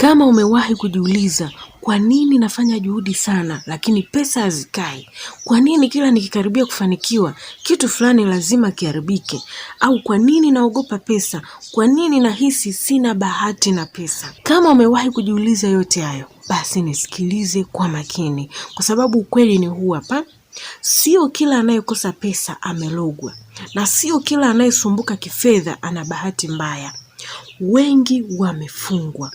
Kama umewahi kujiuliza kwa nini nafanya juhudi sana lakini pesa hazikai, kwa nini kila nikikaribia kufanikiwa kitu fulani lazima kiharibike, au kwa nini naogopa pesa, kwa nini nahisi sina bahati na pesa, kama umewahi kujiuliza yote hayo, basi nisikilize kwa makini, kwa sababu ukweli ni huu hapa. Sio kila anayekosa pesa amelogwa, na sio kila anayesumbuka kifedha ana bahati mbaya. Wengi wamefungwa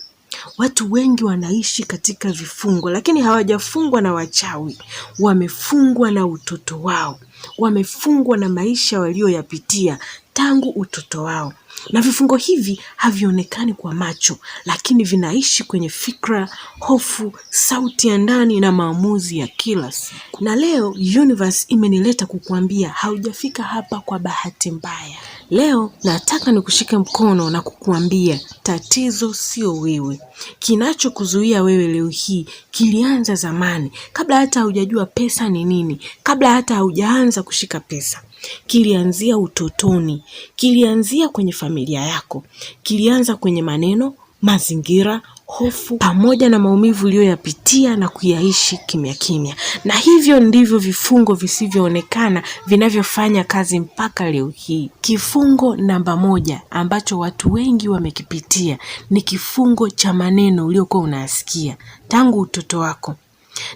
Watu wengi wanaishi katika vifungo, lakini hawajafungwa na wachawi. Wamefungwa na utoto wao, wamefungwa na maisha walioyapitia tangu utoto wao, na vifungo hivi havionekani kwa macho, lakini vinaishi kwenye fikra, hofu, sauti ya ndani na maamuzi ya kila siku. Na leo Universe imenileta kukuambia haujafika hapa kwa bahati mbaya. Leo nataka nikushike mkono na kukuambia tatizo sio wewe. Kinachokuzuia wewe leo hii kilianza zamani, kabla hata haujajua pesa ni nini, kabla hata haujaanza kushika pesa. Kilianzia utotoni, kilianzia kwenye familia yako, kilianza kwenye maneno, mazingira, hofu pamoja na maumivu uliyoyapitia na kuyaishi kimya kimya. Na hivyo ndivyo vifungo visivyoonekana vinavyofanya kazi mpaka leo hii. Kifungo namba moja ambacho watu wengi wamekipitia ni kifungo cha maneno uliokuwa unayasikia tangu utoto wako.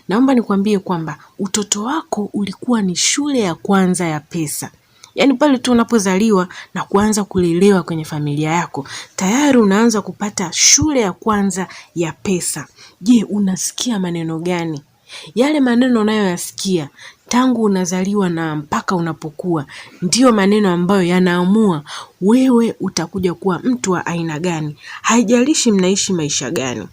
Naomba nikwambie kwamba utoto wako ulikuwa ni shule ya kwanza ya pesa. Yaani pale tu unapozaliwa na kuanza kulelewa kwenye familia yako, tayari unaanza kupata shule ya kwanza ya pesa. Je, unasikia maneno gani? Yale maneno unayoyasikia tangu unazaliwa na mpaka unapokuwa ndiyo maneno ambayo yanaamua wewe utakuja kuwa mtu wa aina gani. Haijalishi mnaishi maisha gani.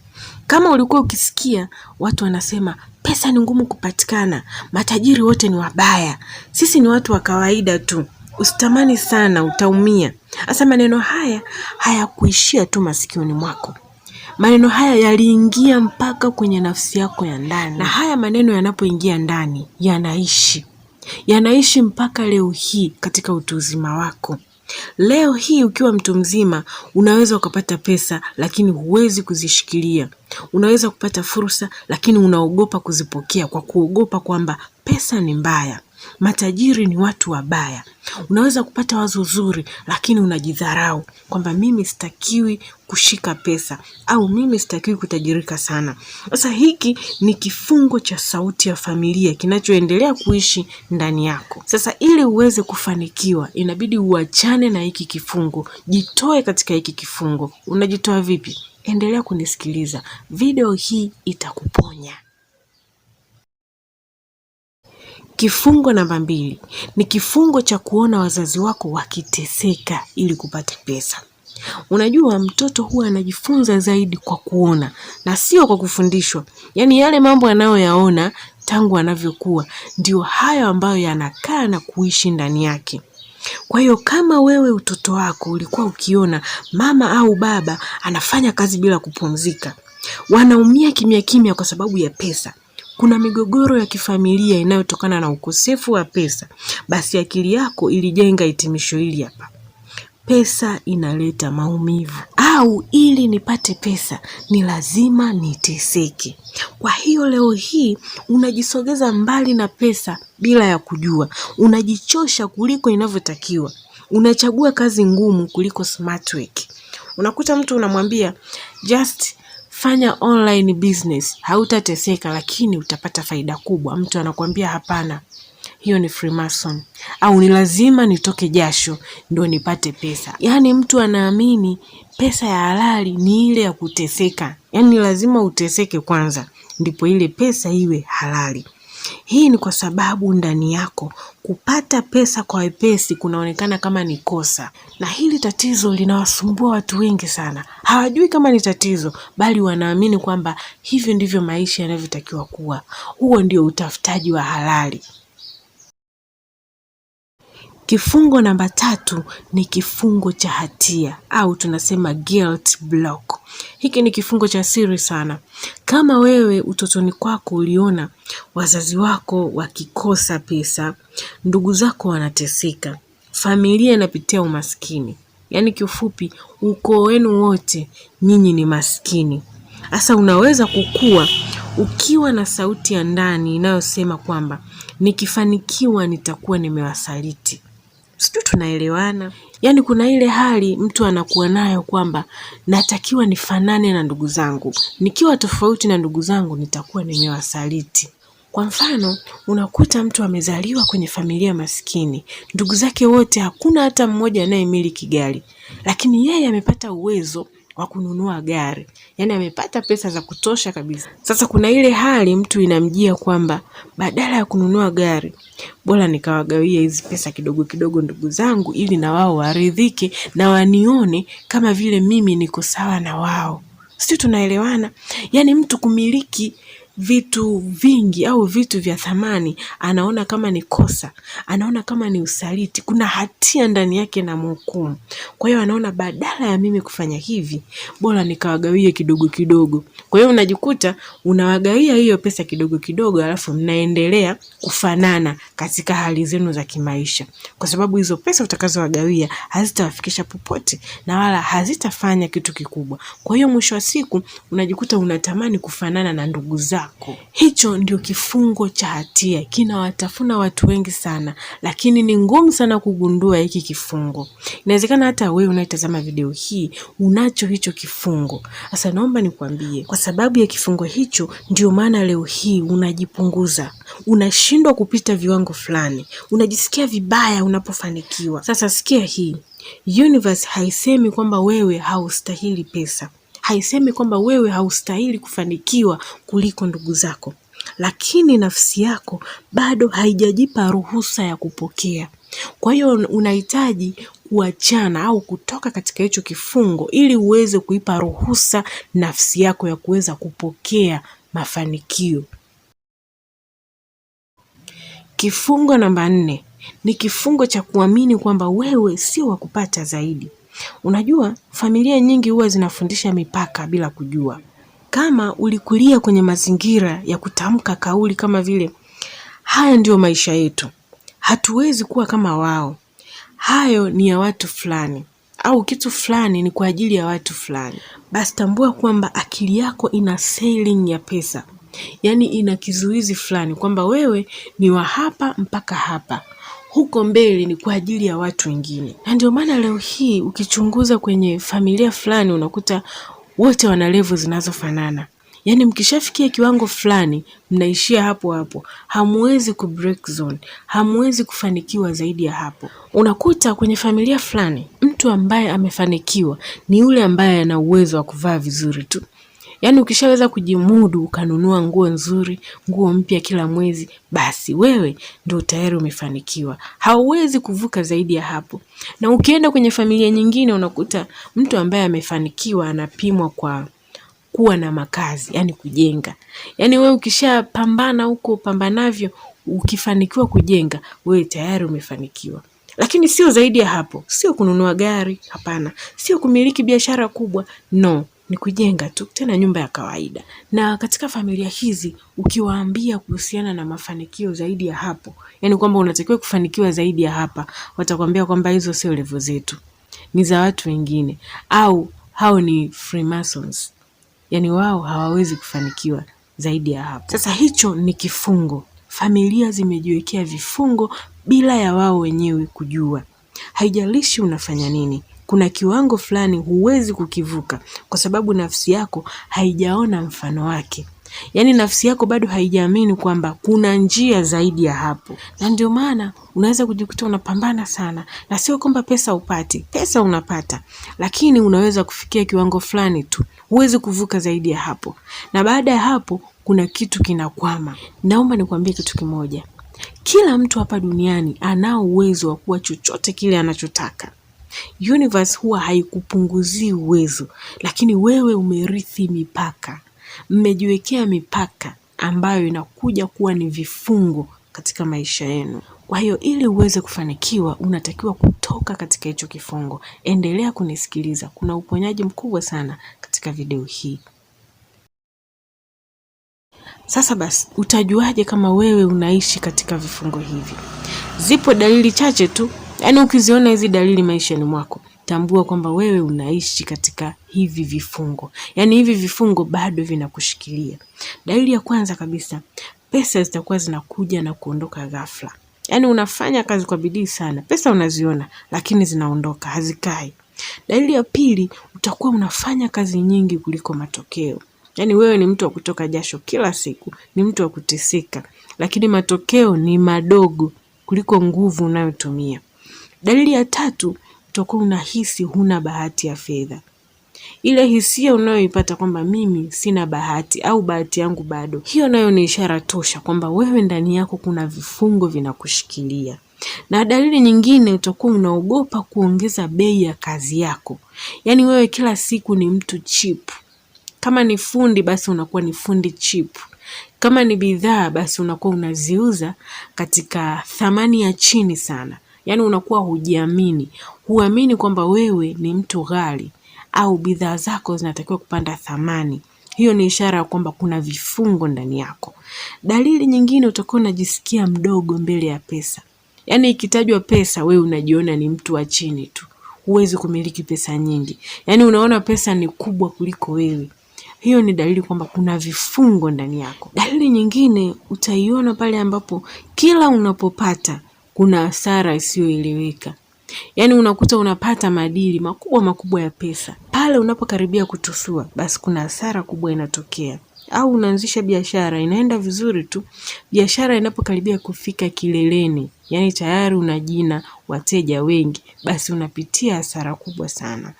Kama ulikuwa ukisikia watu wanasema pesa ni ngumu kupatikana, matajiri wote ni wabaya, sisi ni watu wa kawaida tu, usitamani sana, utaumia. hasa maneno haya hayakuishia tu masikioni mwako, maneno haya yaliingia mpaka kwenye nafsi yako ya ndani, na haya maneno yanapoingia ndani yanaishi yanaishi mpaka leo hii katika utu uzima wako. Leo hii ukiwa mtu mzima unaweza ukapata pesa lakini huwezi kuzishikilia. Unaweza kupata fursa lakini unaogopa kuzipokea kwa kuogopa kwamba pesa ni mbaya matajiri ni watu wabaya. Unaweza kupata wazo zuri, lakini unajidharau kwamba mimi sitakiwi kushika pesa au mimi sitakiwi kutajirika sana. Sasa hiki ni kifungo cha sauti ya familia kinachoendelea kuishi ndani yako. Sasa ili uweze kufanikiwa, inabidi uachane na hiki kifungo, jitoe katika hiki kifungo. Unajitoa vipi? Endelea kunisikiliza, video hii itakuponya. Kifungo namba mbili ni kifungo cha kuona wazazi wako wakiteseka ili kupata pesa. Unajua, mtoto huwa anajifunza zaidi kwa kuona na sio kwa kufundishwa. Yaani yale mambo anayoyaona tangu anavyokuwa ndio hayo ambayo yanakaa na kuishi ndani yake. Kwa hiyo kama wewe utoto wako ulikuwa ukiona mama au baba anafanya kazi bila kupumzika, wanaumia kimya kimya kwa sababu ya pesa, kuna migogoro ya kifamilia inayotokana na ukosefu wa pesa, basi akili yako ilijenga hitimisho hili hapa: pesa inaleta maumivu, au ili nipate pesa ni lazima niteseke. Kwa hiyo leo hii unajisogeza mbali na pesa bila ya kujua, unajichosha kuliko inavyotakiwa, unachagua kazi ngumu kuliko smart work. Unakuta mtu unamwambia just fanya online business, hautateseka lakini utapata faida kubwa. Mtu anakuambia hapana, hiyo ni Freemason au ni lazima nitoke jasho ndio nipate pesa. Yaani mtu anaamini pesa ya halali ni ile ya kuteseka, yaani lazima uteseke kwanza ndipo ile pesa iwe halali. Hii ni kwa sababu ndani yako kupata pesa kwa wepesi kunaonekana kama ni kosa, na hili tatizo linawasumbua watu wengi sana. Hawajui kama ni tatizo, bali wanaamini kwamba hivyo ndivyo maisha yanavyotakiwa kuwa. Huo ndio utafutaji wa halali. Kifungo namba tatu ni kifungo cha hatia au tunasema guilt block. Hiki ni kifungo cha siri sana. Kama wewe utotoni kwako uliona wazazi wako wakikosa pesa, ndugu zako wanateseka, familia inapitia umaskini, yaani kiufupi, ukoo wenu wote nyinyi ni maskini. Sasa unaweza kukua ukiwa na sauti ya ndani inayosema kwamba nikifanikiwa nitakuwa nimewasaliti. Sijui tunaelewana? yaani kuna ile hali mtu anakuwa nayo kwamba natakiwa nifanane na ndugu zangu nikiwa tofauti na ndugu zangu nitakuwa nimewasaliti kwa mfano unakuta mtu amezaliwa kwenye familia maskini ndugu zake wote hakuna hata mmoja anayemiliki gari lakini yeye amepata uwezo wa kununua gari, yaani amepata pesa za kutosha kabisa. Sasa kuna ile hali mtu inamjia kwamba badala ya kununua gari, bora nikawagawia hizi pesa kidogo kidogo ndugu zangu, ili na wao waridhike na wanione kama vile mimi niko sawa na wao. Sisi tunaelewana, yaani mtu kumiliki vitu vingi au vitu vya thamani anaona kama ni kosa, anaona kama ni usaliti, kuna hatia ndani yake na mhukumu. Kwa hiyo anaona badala ya mimi kufanya hivi, bora nikawagawie kidogo kidogo. Kwa hiyo unajikuta unawagawia hiyo pesa kidogo kidogo, alafu mnaendelea kufanana katika hali zenu za kimaisha, kwa sababu hizo pesa utakazowagawia hazitawafikisha popote na wala hazitafanya kitu kikubwa. Kwa hiyo mwisho wa siku unajikuta unatamani kufanana na ndugu zako yako. Hicho ndio kifungo cha hatia, kinawatafuna watu wengi sana, lakini ni ngumu sana kugundua hiki kifungo. Inawezekana hata wewe unayetazama video hii unacho hicho kifungo. Sasa naomba nikwambie, kwa sababu ya kifungo hicho, ndio maana leo hii unajipunguza, unashindwa kupita viwango fulani, unajisikia vibaya unapofanikiwa. Sasa sikia hii, universe haisemi kwamba wewe haustahili pesa haisemi kwamba wewe haustahili kufanikiwa kuliko ndugu zako, lakini nafsi yako bado haijajipa ruhusa ya kupokea. Kwa hiyo unahitaji kuachana au kutoka katika hicho kifungo ili uweze kuipa ruhusa nafsi yako ya kuweza kupokea mafanikio. Kifungo namba nne ni kifungo cha kuamini kwamba wewe sio wa kupata zaidi. Unajua familia nyingi huwa zinafundisha mipaka bila kujua. Kama ulikulia kwenye mazingira ya kutamka kauli kama vile haya ndiyo maisha yetu, hatuwezi kuwa kama wao, hayo ni ya watu fulani, au kitu fulani ni kwa ajili ya watu fulani, basi tambua kwamba akili yako ina ceiling ya pesa, yaani ina kizuizi fulani kwamba wewe ni wa hapa mpaka hapa huko mbele ni kwa ajili ya watu wengine. Na ndio maana leo hii ukichunguza kwenye familia fulani unakuta wote wana levu zinazofanana. Yaani mkishafikia kiwango fulani mnaishia hapo hapo, hamwezi ku break zone, hamwezi kufanikiwa zaidi ya hapo. Unakuta kwenye familia fulani mtu ambaye amefanikiwa ni yule ambaye ana uwezo wa kuvaa vizuri tu, Yaani ukishaweza kujimudu ukanunua nguo nzuri, nguo mpya kila mwezi, basi wewe ndio tayari umefanikiwa. Hauwezi kuvuka zaidi ya hapo. Na ukienda kwenye familia nyingine unakuta mtu ambaye amefanikiwa anapimwa kwa kuwa na makazi, yani kujenga. Yaani wewe ukishapambana huko pambanavyo ukifanikiwa kujenga, wewe tayari umefanikiwa. Lakini sio zaidi ya hapo. Sio kununua gari, hapana. Sio kumiliki biashara kubwa, no ni kujenga tu tena nyumba ya kawaida. Na katika familia hizi ukiwaambia kuhusiana na mafanikio zaidi ya hapo, yani kwamba unatakiwa kufanikiwa zaidi ya hapa, watakwambia kwamba hizo sio levo zetu, ni za watu wengine, au hao ni Freemasons, yani wao hawawezi kufanikiwa zaidi ya hapo. Sasa hicho ni kifungo. Familia zimejiwekea vifungo bila ya wao wenyewe kujua. Haijalishi unafanya nini, kuna kiwango fulani huwezi kukivuka kwa sababu nafsi yako haijaona mfano wake. Yaani nafsi yako bado haijaamini kwamba kuna njia zaidi ya hapo, na ndio maana unaweza kujikuta unapambana sana, na sio kwamba pesa upati, pesa unapata, lakini unaweza kufikia kiwango fulani tu, huwezi kuvuka zaidi ya hapo, na baada ya hapo kuna kitu kinakwama. Naomba nikuambie kitu kimoja, kila mtu hapa duniani anao uwezo wa kuwa chochote kile anachotaka. Universe huwa haikupunguzii uwezo, lakini wewe umerithi mipaka. Mmejiwekea mipaka ambayo inakuja kuwa ni vifungo katika maisha yenu. Kwa hiyo ili uweze kufanikiwa, unatakiwa kutoka katika hicho kifungo. Endelea kunisikiliza, kuna uponyaji mkubwa sana katika video hii. Sasa basi, utajuaje kama wewe unaishi katika vifungo hivi? Zipo dalili chache tu Yaani ukiziona hizi dalili maishani mwako, tambua kwamba wewe unaishi katika hivi vifungo, yaani hivi vifungo bado vinakushikilia. Dalili ya kwanza kabisa, pesa zitakuwa zinakuja na kuondoka ghafla. Yaani unafanya kazi kwa bidii sana, pesa unaziona, lakini zinaondoka, hazikai. Dalili ya pili, utakuwa unafanya kazi nyingi kuliko matokeo. Yaani wewe ni mtu wa kutoka jasho kila siku, ni mtu wa kuteseka, lakini matokeo ni madogo kuliko nguvu unayotumia. Dalili ya tatu, utakuwa unahisi huna bahati ya fedha. Ile hisia unayoipata kwamba mimi sina bahati au bahati yangu bado, hiyo nayo ni ishara tosha kwamba wewe ndani yako kuna vifungo vinakushikilia. Na dalili nyingine, utakuwa unaogopa kuongeza bei ya kazi yako, yaani wewe kila siku ni mtu cheap. Kama ni fundi, basi unakuwa ni fundi cheap kama ni bidhaa basi unakuwa unaziuza katika thamani ya chini sana yaani unakuwa hujiamini, huamini kwamba wewe ni mtu ghali au bidhaa zako zinatakiwa kupanda thamani. Hiyo ni ishara ya kwamba kuna vifungo ndani yako. Dalili nyingine, utakuwa unajisikia mdogo mbele ya pesa, yaani ikitajwa pesa wewe unajiona ni mtu wa chini tu, huwezi kumiliki pesa nyingi, yaani unaona pesa ni kubwa kuliko wewe. Hiyo ni dalili kwamba kuna vifungo ndani yako. Dalili nyingine utaiona pale ambapo kila unapopata kuna hasara isiyoeleweka. Yaani unakuta unapata madili makubwa makubwa ya pesa, pale unapokaribia kutusua, basi kuna hasara kubwa inatokea. Au unaanzisha biashara, inaenda vizuri tu, biashara inapokaribia kufika kileleni, yani tayari una jina, wateja wengi, basi unapitia hasara kubwa sana.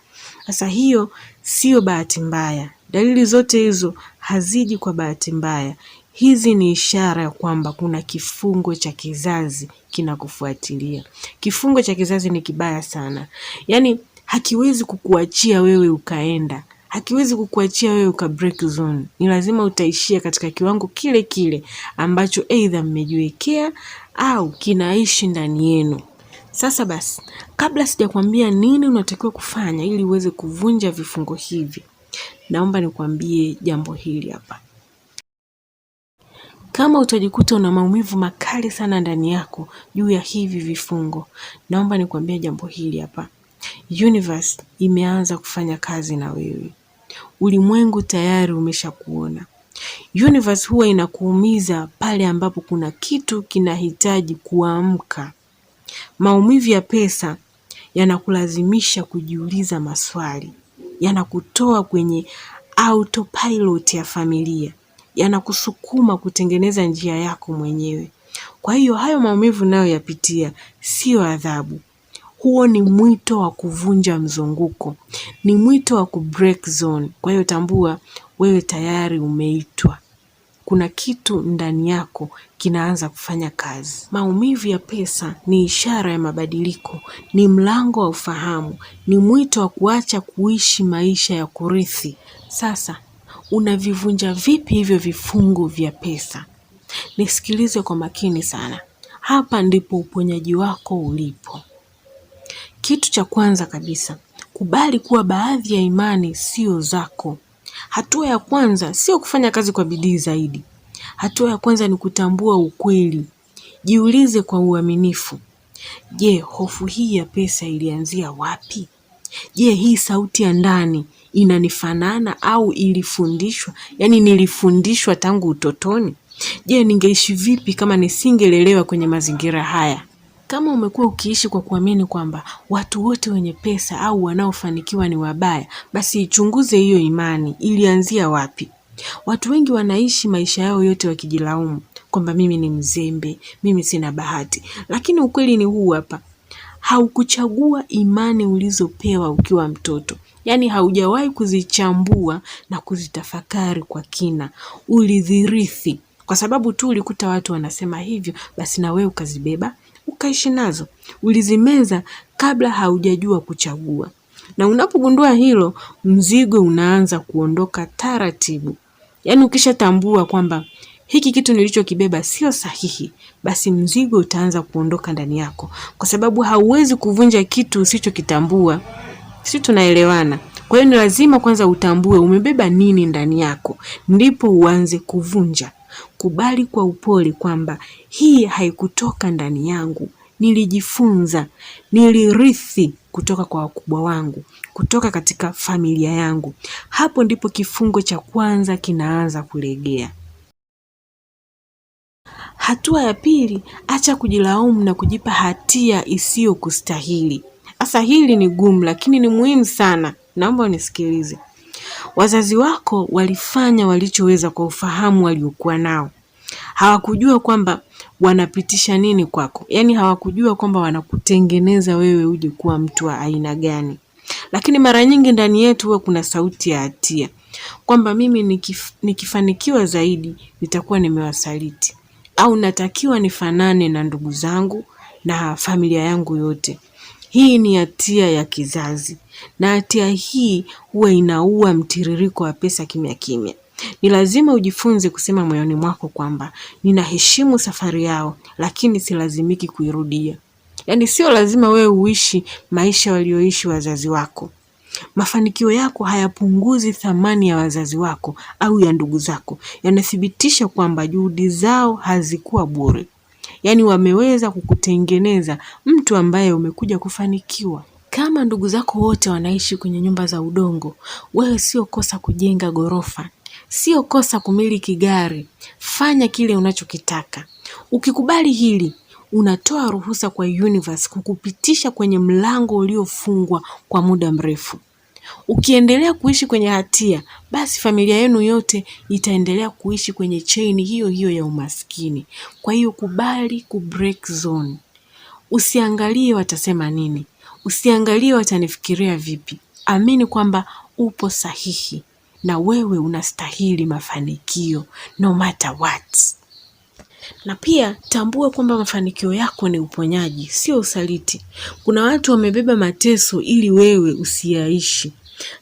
Sasa hiyo sio bahati mbaya. Dalili zote hizo haziji kwa bahati mbaya. Hizi ni ishara ya kwamba kuna kifungo cha kizazi kinakufuatilia. Kifungo cha kizazi ni kibaya sana, yaani hakiwezi kukuachia wewe ukaenda hakiwezi kukuachia wewe uka break zone. Ni lazima utaishia katika kiwango kile kile ambacho aidha mmejiwekea au kinaishi ndani yenu. Sasa basi, kabla sijakwambia nini unatakiwa kufanya ili uweze kuvunja vifungo hivi, naomba nikwambie jambo hili hapa. Kama utajikuta una maumivu makali sana ndani yako juu ya hivi vifungo, naomba nikuambie jambo hili hapa. Universe imeanza kufanya kazi na wewe. Ulimwengu tayari umeshakuona. Universe huwa inakuumiza pale ambapo kuna kitu kinahitaji kuamka. Maumivu ya pesa yanakulazimisha kujiuliza maswali, yanakutoa kwenye autopilot ya familia yanakusukuma kutengeneza njia yako mwenyewe. Kwa hiyo hayo maumivu unayoyapitia siyo adhabu. Huo ni mwito wa kuvunja mzunguko, ni mwito wa kubreak zone. Kwa hiyo tambua, wewe tayari umeitwa. Kuna kitu ndani yako kinaanza kufanya kazi. Maumivu ya pesa ni ishara ya mabadiliko, ni mlango wa ufahamu, ni mwito wa kuacha kuishi maisha ya kurithi. Sasa unavivunja vipi hivyo vifungu vya pesa? Nisikilize kwa makini sana, hapa ndipo uponyaji wako ulipo. Kitu cha kwanza kabisa, kubali kuwa baadhi ya imani sio zako. Hatua ya kwanza sio kufanya kazi kwa bidii zaidi. Hatua ya kwanza ni kutambua ukweli. Jiulize kwa uaminifu, je, hofu hii ya pesa ilianzia wapi? Je, hii sauti ya ndani inanifanana au ilifundishwa, yani nilifundishwa tangu utotoni? Je, ningeishi vipi kama nisingelelewa kwenye mazingira haya? Kama umekuwa ukiishi kwa kuamini kwamba watu wote wenye pesa au wanaofanikiwa ni wabaya, basi ichunguze hiyo imani, ilianzia wapi? Watu wengi wanaishi maisha yao yote wakijilaumu kwamba mimi ni mzembe, mimi sina bahati. Lakini ukweli ni huu hapa, haukuchagua imani ulizopewa ukiwa mtoto, yani haujawahi kuzichambua na kuzitafakari kwa kina, ulizirithi kwa sababu tu ulikuta watu wanasema hivyo, basi na wewe ukazibeba ukaishi nazo, ulizimeza kabla haujajua kuchagua. Na unapogundua hilo, mzigo unaanza kuondoka taratibu. Yaani ukishatambua kwamba hiki kitu nilichokibeba sio sahihi, basi mzigo utaanza kuondoka ndani yako, kwa sababu hauwezi kuvunja kitu usichokitambua si tunaelewana. Kwa hiyo ni lazima kwanza utambue umebeba nini ndani yako, ndipo uanze kuvunja. Kubali kwa upole kwamba hii haikutoka ndani yangu, nilijifunza, nilirithi kutoka kwa wakubwa wangu, kutoka katika familia yangu. Hapo ndipo kifungo cha kwanza kinaanza kulegea. Hatua ya pili, acha kujilaumu na kujipa hatia isiyokustahili. Sasa hili ni gumu, lakini ni muhimu sana, naomba unisikilize. Wazazi wako walifanya walichoweza kwa ufahamu waliokuwa nao. Hawakujua kwamba wanapitisha nini kwako, yaani hawakujua kwamba wanakutengeneza wewe uje kuwa mtu wa aina gani. Lakini mara nyingi ndani yetu huwa kuna sauti ya hatia kwamba mimi nikif, nikifanikiwa zaidi nitakuwa nimewasaliti au natakiwa nifanane na ndugu zangu na familia yangu yote. Hii ni hatia ya kizazi, na hatia hii huwa inaua mtiririko wa pesa kimya kimya. Ni lazima ujifunze kusema moyoni mwako kwamba ninaheshimu safari yao, lakini silazimiki kuirudia. Yaani sio lazima wewe uishi maisha walioishi wazazi wako. Mafanikio yako hayapunguzi thamani ya wazazi wako au ya ndugu zako, yanathibitisha kwamba juhudi zao hazikuwa bure yaani wameweza kukutengeneza mtu ambaye umekuja kufanikiwa. Kama ndugu zako wote wanaishi kwenye nyumba za udongo, wewe sio kosa kujenga ghorofa, sio kosa kumiliki gari. Fanya kile unachokitaka. Ukikubali hili, unatoa ruhusa kwa universe kukupitisha kwenye mlango uliofungwa kwa muda mrefu. Ukiendelea kuishi kwenye hatia, basi familia yenu yote itaendelea kuishi kwenye chain hiyo hiyo ya umaskini. Kwa hiyo kubali ku break zone, usiangalie watasema nini, usiangalie watanifikiria vipi. Amini kwamba upo sahihi na wewe unastahili mafanikio no matter what na pia tambua kwamba mafanikio yako ni uponyaji, sio usaliti. Kuna watu wamebeba mateso ili wewe usiyaishi,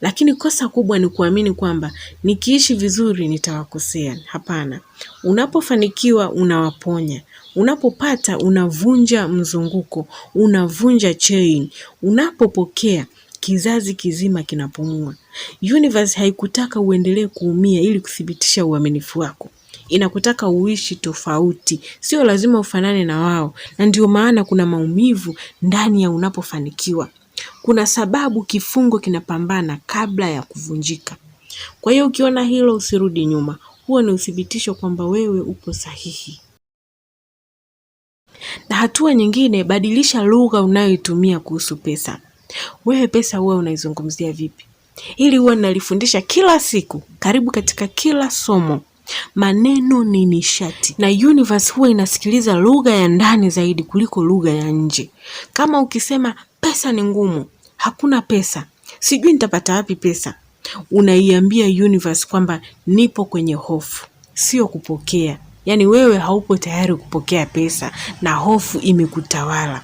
lakini kosa kubwa ni kuamini kwamba nikiishi vizuri nitawakosea. Hapana, unapofanikiwa unawaponya, unapopata unavunja mzunguko, unavunja chain, unapopokea kizazi kizima kinapumua. Universe haikutaka uendelee kuumia ili kuthibitisha uaminifu wako inakutaka uishi tofauti, sio lazima ufanane na wao. Na ndio maana kuna maumivu ndani ya unapofanikiwa. Kuna sababu kifungo kinapambana kabla ya kuvunjika. Kwa hiyo ukiona hilo, usirudi nyuma. Huo ni uthibitisho kwamba wewe upo sahihi. Na hatua nyingine, badilisha lugha unayoitumia kuhusu pesa. Wewe pesa huwa unaizungumzia vipi? Hili huwa nalifundisha kila siku, karibu katika kila somo. Maneno ni nishati na universe huwa inasikiliza lugha ya ndani zaidi kuliko lugha ya nje. Kama ukisema pesa ni ngumu, hakuna pesa, sijui nitapata wapi pesa, unaiambia universe kwamba nipo kwenye hofu, sio kupokea. Yaani wewe haupo tayari kupokea pesa na hofu imekutawala.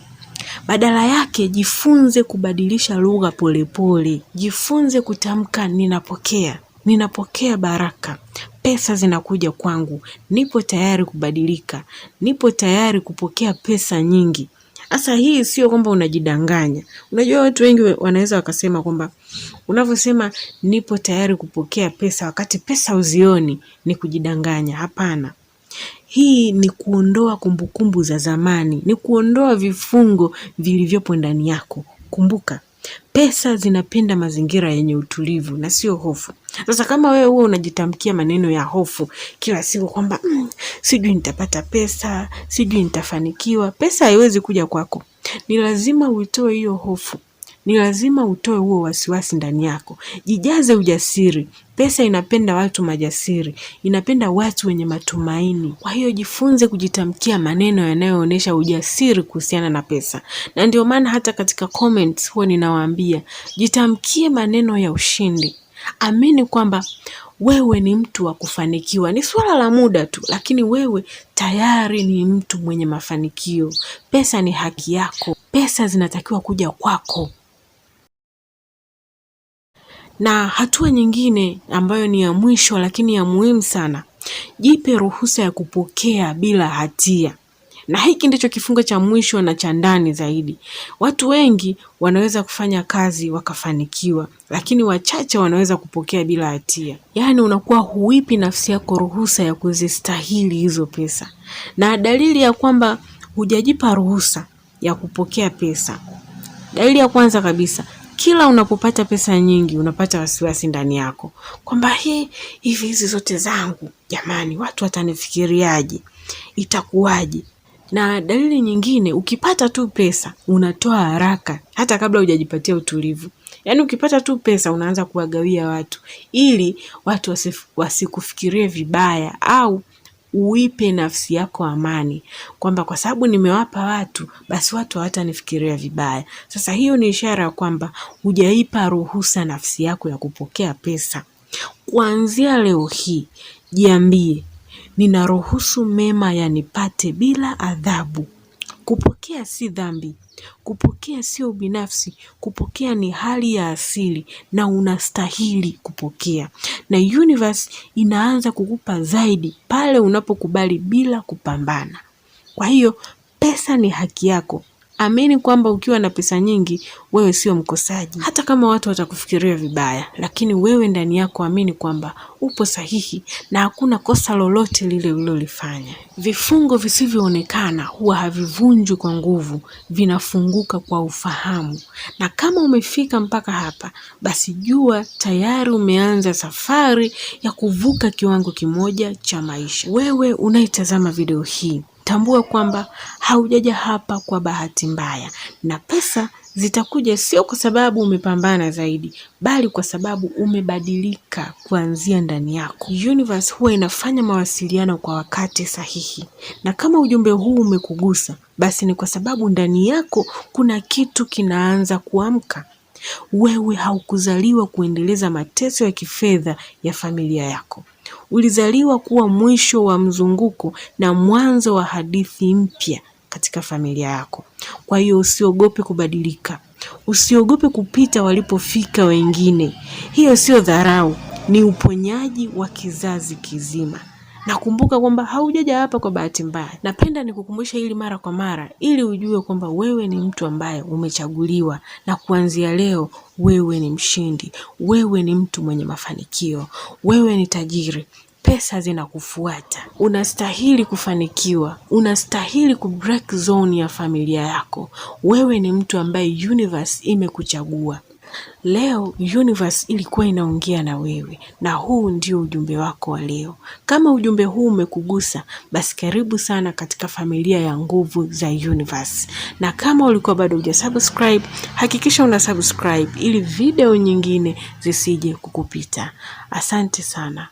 Badala yake jifunze kubadilisha lugha polepole. Jifunze kutamka ninapokea, ninapokea baraka pesa zinakuja kwangu, nipo tayari kubadilika, nipo tayari kupokea pesa nyingi. Sasa hii sio kwamba unajidanganya. Unajua watu wengi wanaweza wakasema kwamba unavyosema nipo tayari kupokea pesa wakati pesa uzioni ni kujidanganya. Hapana. Hii ni kuondoa kumbukumbu za zamani, ni kuondoa vifungo vilivyopo ndani yako. Kumbuka, Pesa zinapenda mazingira yenye utulivu na sio hofu. Sasa kama wewe huwa unajitamkia maneno ya hofu kila siku kwamba mm, sijui nitapata pesa, sijui nitafanikiwa, pesa haiwezi kuja kwako. Ni lazima uitoe hiyo hofu, ni lazima utoe huo wasiwasi ndani yako, jijaze ujasiri, Pesa inapenda watu majasiri, inapenda watu wenye matumaini. Kwa hiyo jifunze kujitamkia maneno yanayoonyesha ujasiri kuhusiana na pesa, na ndio maana hata katika comments huwa ninawaambia jitamkie maneno ya ushindi. Amini kwamba wewe ni mtu wa kufanikiwa, ni swala la muda tu, lakini wewe tayari ni mtu mwenye mafanikio. Pesa ni haki yako, pesa zinatakiwa kuja kwako. Na hatua nyingine ambayo ni ya mwisho lakini ya muhimu sana, jipe ruhusa ya kupokea bila hatia. Na hiki ndicho kifungo cha mwisho na cha ndani zaidi. Watu wengi wanaweza kufanya kazi wakafanikiwa, lakini wachache wanaweza kupokea bila hatia. Yaani unakuwa huipi nafsi yako ruhusa ya kuzistahili hizo pesa, na dalili ya kwamba hujajipa ruhusa ya kupokea pesa, dalili ya kwanza kabisa kila unapopata pesa nyingi unapata wasiwasi ndani yako kwamba hii hivi hizi zote zangu, jamani, watu watanifikiriaje? Itakuwaje? Na dalili nyingine, ukipata tu pesa unatoa haraka, hata kabla hujajipatia utulivu. Yaani ukipata tu pesa unaanza kuwagawia watu ili watu wasikufikirie vibaya au uipe nafsi yako amani, kwamba kwa sababu nimewapa watu, basi watu hawatanifikiria vibaya. Sasa hiyo ni ishara ya kwamba hujaipa ruhusa nafsi yako ya kupokea pesa. Kuanzia leo hii, jiambie, ninaruhusu mema yanipate bila adhabu. Kupokea si dhambi, kupokea sio binafsi kupokea ni hali ya asili na unastahili kupokea na universe inaanza kukupa zaidi pale unapokubali bila kupambana. Kwa hiyo pesa ni haki yako Amini kwamba ukiwa na pesa nyingi wewe sio mkosaji, mm. hata kama watu watakufikiria vibaya, lakini wewe ndani yako amini kwamba upo sahihi na hakuna kosa lolote lile ulilolifanya. Vifungo visivyoonekana huwa havivunjwi kwa nguvu, vinafunguka kwa ufahamu. Na kama umefika mpaka hapa, basi jua tayari umeanza safari ya kuvuka kiwango kimoja cha maisha. Wewe unaitazama video hii Tambua kwamba haujaja hapa kwa bahati mbaya, na pesa zitakuja sio kwa sababu umepambana zaidi, bali kwa sababu umebadilika kuanzia ndani yako. Universe huwa inafanya mawasiliano kwa wakati sahihi, na kama ujumbe huu umekugusa, basi ni kwa sababu ndani yako kuna kitu kinaanza kuamka. Wewe haukuzaliwa kuendeleza mateso ya kifedha ya familia yako ulizaliwa kuwa mwisho wa mzunguko na mwanzo wa hadithi mpya katika familia yako. Kwa hiyo usiogope kubadilika, usiogope kupita walipofika wengine. Hiyo sio dharau, ni uponyaji wa kizazi kizima nakumbuka kwamba haujaja hapa kwa bahati mbaya. Napenda nikukumbusha hili mara kwa mara, ili ujue kwamba wewe ni mtu ambaye umechaguliwa, na kuanzia leo wewe ni mshindi, wewe ni mtu mwenye mafanikio, wewe ni tajiri pesa zinakufuata. Unastahili kufanikiwa, unastahili kubreak zone ya familia yako. Wewe ni mtu ambaye universe imekuchagua. Leo universe ilikuwa inaongea na wewe, na huu ndio ujumbe wako wa leo. Kama ujumbe huu umekugusa, basi karibu sana katika familia ya nguvu za universe. Na kama ulikuwa bado hujasubscribe, hakikisha una subscribe ili video nyingine zisije kukupita. Asante sana.